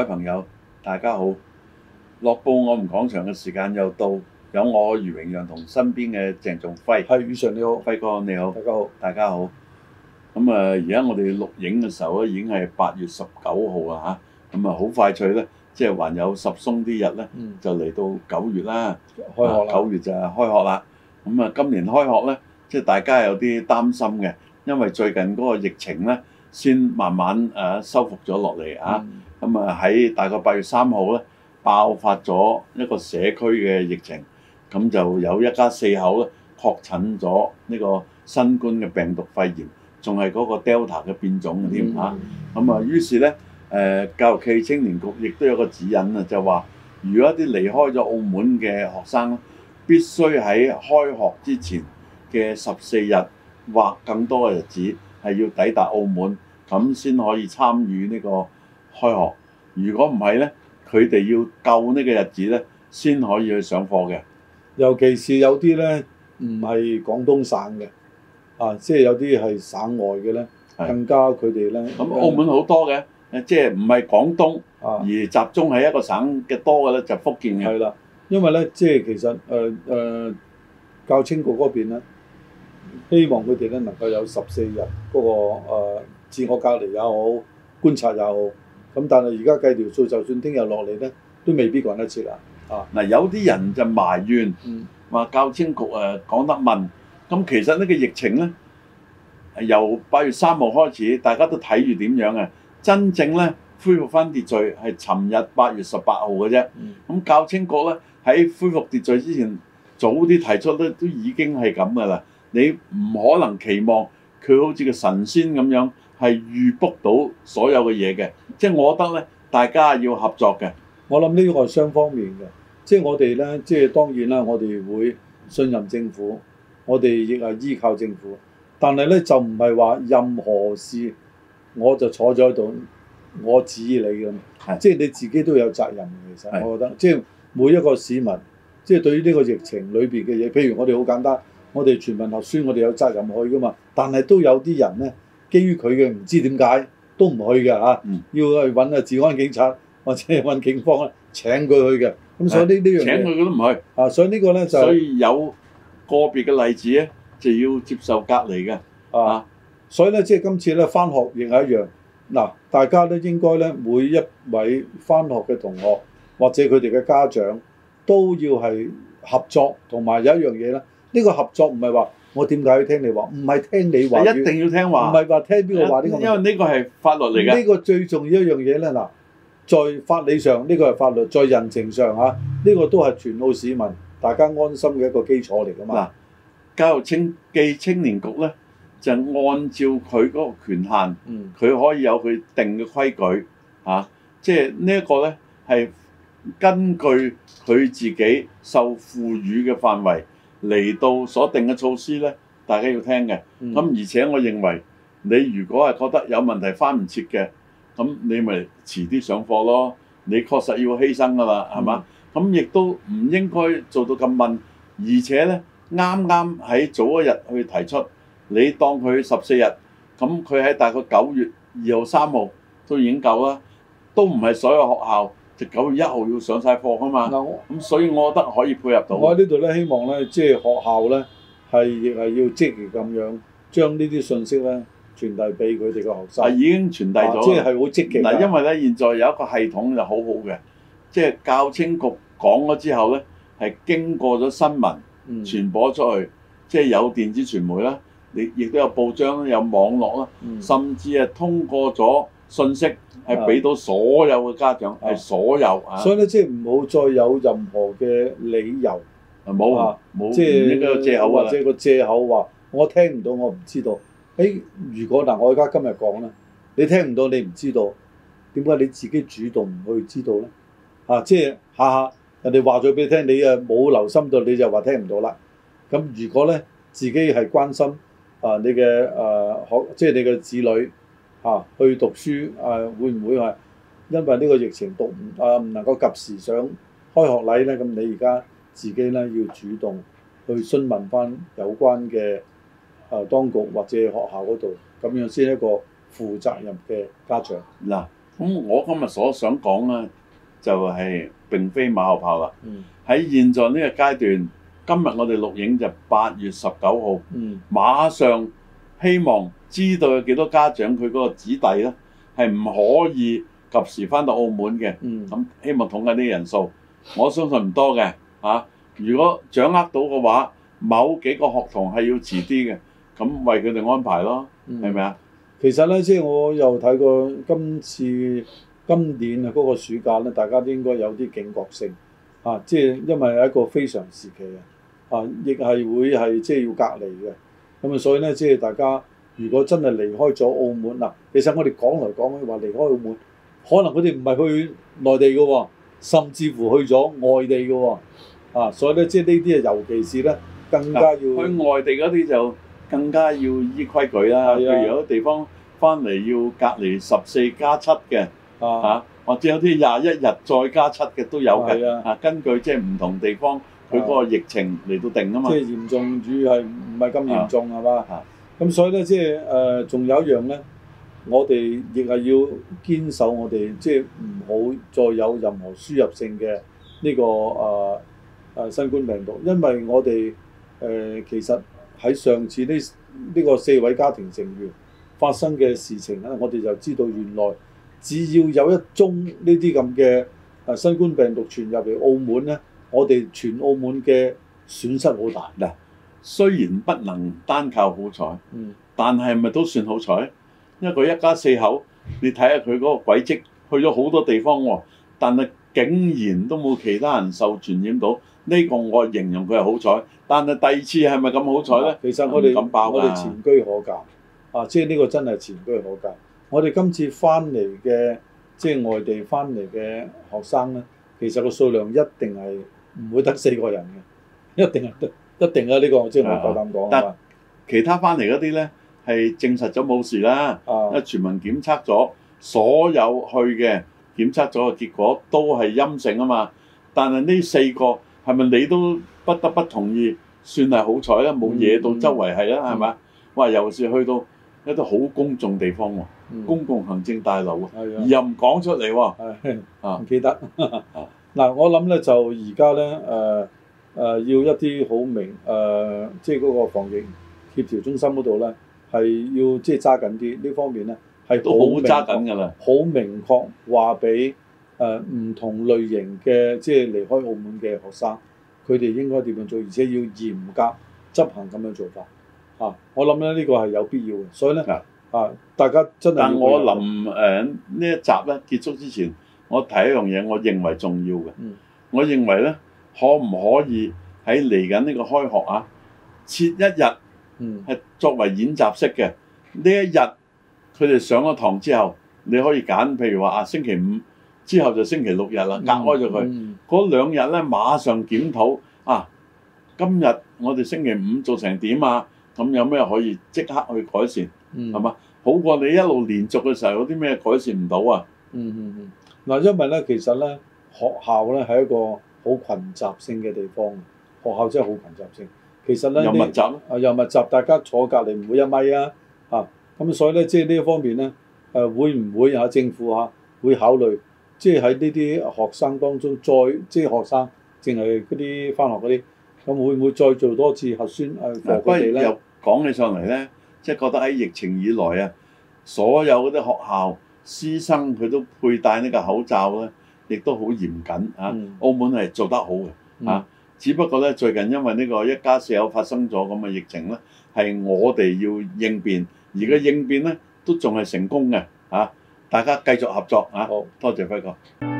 各位朋友，大家好！樂報我們講場嘅時間又到，有我余榮陽同身邊嘅鄭仲輝。係余 Sir 你好，輝哥你好。大家好，大家好。咁啊，而、呃、家我哋錄影嘅時候咧，已經係八月十九號啦嚇。咁啊，好、嗯、快脆咧，即係還有十鬆啲日咧，就嚟到九月啦。嗯啊、九月開學啦！九月就係開學啦。咁啊，今年開學咧，即係大家有啲擔心嘅，因為最近嗰個疫情咧。先慢慢誒收復咗落嚟啊！咁啊喺大概八月三號咧，爆發咗一個社區嘅疫情，咁就有一家四口咧，確診咗呢個新冠嘅病毒肺炎，仲係嗰個 Delta 嘅變種嘅添嚇。咁啊，於、嗯啊、是呢，誒教育暨青年局亦都有個指引啊，就話如果一啲離開咗澳門嘅學生，必須喺開學之前嘅十四日或更多嘅日子係要抵達澳門。咁先可以參與呢個開學。如果唔係呢，佢哋要夠呢個日子呢，先可以去上課嘅。尤其是有啲呢，唔係廣東省嘅，啊，即係有啲係省外嘅是呢，更加佢哋呢。咁澳門好多嘅，啊、即係唔係廣東，而集中喺一個省嘅多嘅呢，就福建嘅。係啦，因為呢，即係其實誒誒、呃呃，教青局嗰邊呢，希望佢哋呢能夠有十四日嗰個、呃自我隔離又好，觀察又好，咁但係而家計條數，就算聽日落嚟咧，都未必講得切啦。啊，嗱、啊，有啲人就埋怨，話、嗯、教青局誒講得慢。咁其實呢個疫情咧，由八月三號開始，大家都睇住點樣啊？真正咧恢復返秩序係尋日八月十八號嘅啫。咁、嗯、教青局咧喺恢復秩序之前，早啲提出咧都已經係咁噶啦。你唔可能期望佢好似個神仙咁樣。係預 book 到所有嘅嘢嘅，即係我覺得咧，大家要合作嘅。我諗呢個係雙方面嘅，即係我哋呢，即係當然啦，我哋會信任政府，我哋亦係依靠政府。但係呢，就唔係話任何事我就坐咗喺度我指你咁，即係你自己都有責任。其實我覺得，即係每一個市民，即係對於呢個疫情裏邊嘅嘢，譬如我哋好簡單，我哋全民核酸，我哋有責任去㗎嘛。但係都有啲人呢。基於佢嘅唔知點解都唔去嘅嚇，啊嗯、要去揾啊治安警察或者揾警方咧請佢去嘅，咁所以呢呢樣嘢請佢都唔去啊，所以呢個咧就所以有個別嘅例子咧就要接受隔離嘅啊，所以咧即係今次咧返學亦係一樣嗱、啊，大家都應該咧每一位返學嘅同學或者佢哋嘅家長都要係合作，同埋有，有一樣嘢咧，呢、這個合作唔係話。我點解要聽你話？唔係聽你話，你一定要聽話。唔係話聽邊個話呢？因為呢個係法律嚟嘅。呢個最重要一樣嘢咧，嗱，在法理上呢個係法律，在人情上啊，呢個都係全澳市民大家安心嘅一個基礎嚟㗎嘛。嗱，教育青暨青年局咧，就按照佢嗰個權限，佢可以有佢定嘅規矩，嚇。即係呢一個咧，係根據佢自己受賦予嘅範圍。嚟到所定嘅措施呢，大家要聽嘅。咁、嗯、而且我認為你如果係覺得有問題，翻唔切嘅，咁你咪遲啲上課咯。你確實要犧牲噶啦，係嘛、嗯？咁亦都唔應該做到咁問。而且呢，啱啱喺早一日去提出，你當佢十四日，咁佢喺大概九月二號三號都已經夠啦。都唔係所有學校。就九月一號要上晒課噶嘛，咁、嗯嗯、所以我覺得可以配合到。我喺呢度咧，希望咧，即係學校咧，係亦係要積極咁樣將呢啲信息咧傳遞俾佢哋嘅學生。已經傳遞咗，即係係好積極。嗱，因為咧現在有一個系統就好好嘅，即係教青局講咗之後咧，係經過咗新聞傳播出去，嗯、即係有電子傳媒啦，你亦都有報章，有網絡啦，嗯、甚至係通過咗。信息係俾到所有嘅家長、啊，係所有啊，所以咧即係唔好再有任何嘅理由，冇冇即係個藉口或者個借口話我聽唔到，我唔知道。誒、欸，如果嗱，我而家今日講啦，你聽唔到，你唔知道點解你自己主動唔去知道咧、啊就是啊？啊，即係下下人哋話咗俾你聽，你啊冇留心到，你就話聽唔到啦。咁如果咧自己係關心啊，你嘅誒學即係你嘅子女。嚇、啊，去讀書誒、啊，會唔會係因為呢個疫情讀唔啊，唔能夠及時上開學禮咧？咁你而家自己咧要主動去詢問翻有關嘅誒、啊、當局或者學校嗰度，咁樣先係一個負責任嘅家長。嗱、啊，咁我今日所想講咧，就係、是、並非馬後炮啦。喺、嗯、現在呢個階段，今日我哋錄影就八月十九號。嗯。馬上希望。知道有幾多家長佢嗰個子弟呢係唔可以及時翻到澳門嘅，咁、嗯、希望統計啲人數，我相信唔多嘅嚇、啊。如果掌握到嘅話，某幾個學童係要遲啲嘅，咁為佢哋安排咯，係咪啊？是是其實呢，即、就、係、是、我又睇過今次今年嗰個暑假呢，大家都應該有啲警覺性嚇，即、啊、係、就是、因為係一個非常時期啊，亦係會係即係要隔離嘅，咁啊，所以呢，即、就、係、是、大家。如果真係離開咗澳門嗱，其實我哋講來講去話離開澳門，可能佢哋唔係去內地嘅喎，甚至乎去咗外地嘅喎，啊，所以咧即係呢啲啊，尤其是咧更加要去、啊、外地嗰啲就更加要依規矩啦。譬、啊啊、如有啲地方翻嚟要隔離十四加七嘅，啊，啊或者有啲廿一日再加七嘅都有嘅。啊，啊，根據即係唔同地方佢嗰個疫情嚟到定啊嘛。啊啊即係嚴重主係唔係咁嚴重係嘛？啊咁所以咧，即係誒，仲有一樣咧，我哋亦係要堅守我哋，即係唔好再有任何輸入性嘅呢個誒誒新冠病毒，因為我哋誒其實喺上次呢呢個四位家庭成員發生嘅事情咧，我哋就知道原來只要有一宗呢啲咁嘅誒新冠病毒傳入嚟澳門咧，我哋全澳門嘅損失好大㗎。雖然不能單靠好彩，但係咪都算好彩？因為佢一家四口，你睇下佢嗰個軌跡，去咗好多地方喎，哦，但係竟然都冇其他人受傳染到，呢、這個我形容佢係好彩。但係第二次係咪咁好彩呢？其實我哋我哋前車可鑑啊，即係呢個真係前車可鑑。我哋今次翻嚟嘅，即係外地翻嚟嘅學生呢，其實個數量一定係唔會得四個人嘅，一定係得。一定啊！呢個我即係唔夠膽講啊！但其他翻嚟嗰啲咧係證實咗冇事啦，啊！因為全民檢測咗所有去嘅檢測咗嘅結果都係陰性啊嘛！但係呢四個係咪你都不得不同意算係好彩啊？冇惹到周圍係啦，係咪啊？哇！尤其是去到一啲好公眾地方喎，公共行政大樓喎，而又唔講出嚟喎，唔記得嗱，我諗咧就而家咧誒。誒、呃、要一啲好明誒、呃，即係嗰個防疫協調中心嗰度咧，係要即係揸緊啲呢方面咧，係都好揸緊㗎啦，好明確話俾誒唔同類型嘅即係離開澳門嘅學生，佢哋應該點樣做，而且要嚴格執行咁樣做法嚇、啊。我諗咧呢、呢個係有必要嘅，所以咧啊，啊，大家真係但我臨誒呢一集咧結束之前，我提一樣嘢，我認為重要嘅，嗯、我認為咧。可唔可以喺嚟緊呢個開學啊？設一日，嗯，係作為演習式嘅呢、嗯、一日，佢哋上咗堂之後，你可以揀，譬如話啊，星期五之後就星期六日啦，隔開咗佢。嗰、嗯嗯、兩日咧，馬上檢討啊，今日我哋星期五做成點啊？咁有咩可以即刻去改善，係嘛、嗯？好過你一路連續嘅時候，有啲咩改善唔到啊？嗯嗯嗯。嗱、嗯嗯嗯，因為咧，其實咧，學校咧係一個。好群集性嘅地方，學校真係好群集性。其實咧，又密集啊，又密集，大家坐隔離唔會一米啊，嚇、啊。咁所以咧，即係呢一方面咧，誒、啊、會唔會嚇政府嚇、啊、會考慮，即係喺呢啲學生當中再即係學生，淨係嗰啲返學嗰啲，咁會唔會再做多次核酸？誒、啊，不過、啊、又講起上嚟咧，即、就、係、是、覺得喺疫情以來啊，所有嗰啲學校師生佢都佩戴呢個口罩咧。亦都好嚴謹嚇，啊嗯、澳門係做得好嘅嚇。啊嗯、只不過咧，最近因為呢個一家四口發生咗咁嘅疫情呢，係我哋要應變，而家應變呢都仲係成功嘅嚇、啊。大家繼續合作嚇。啊、好多謝輝哥。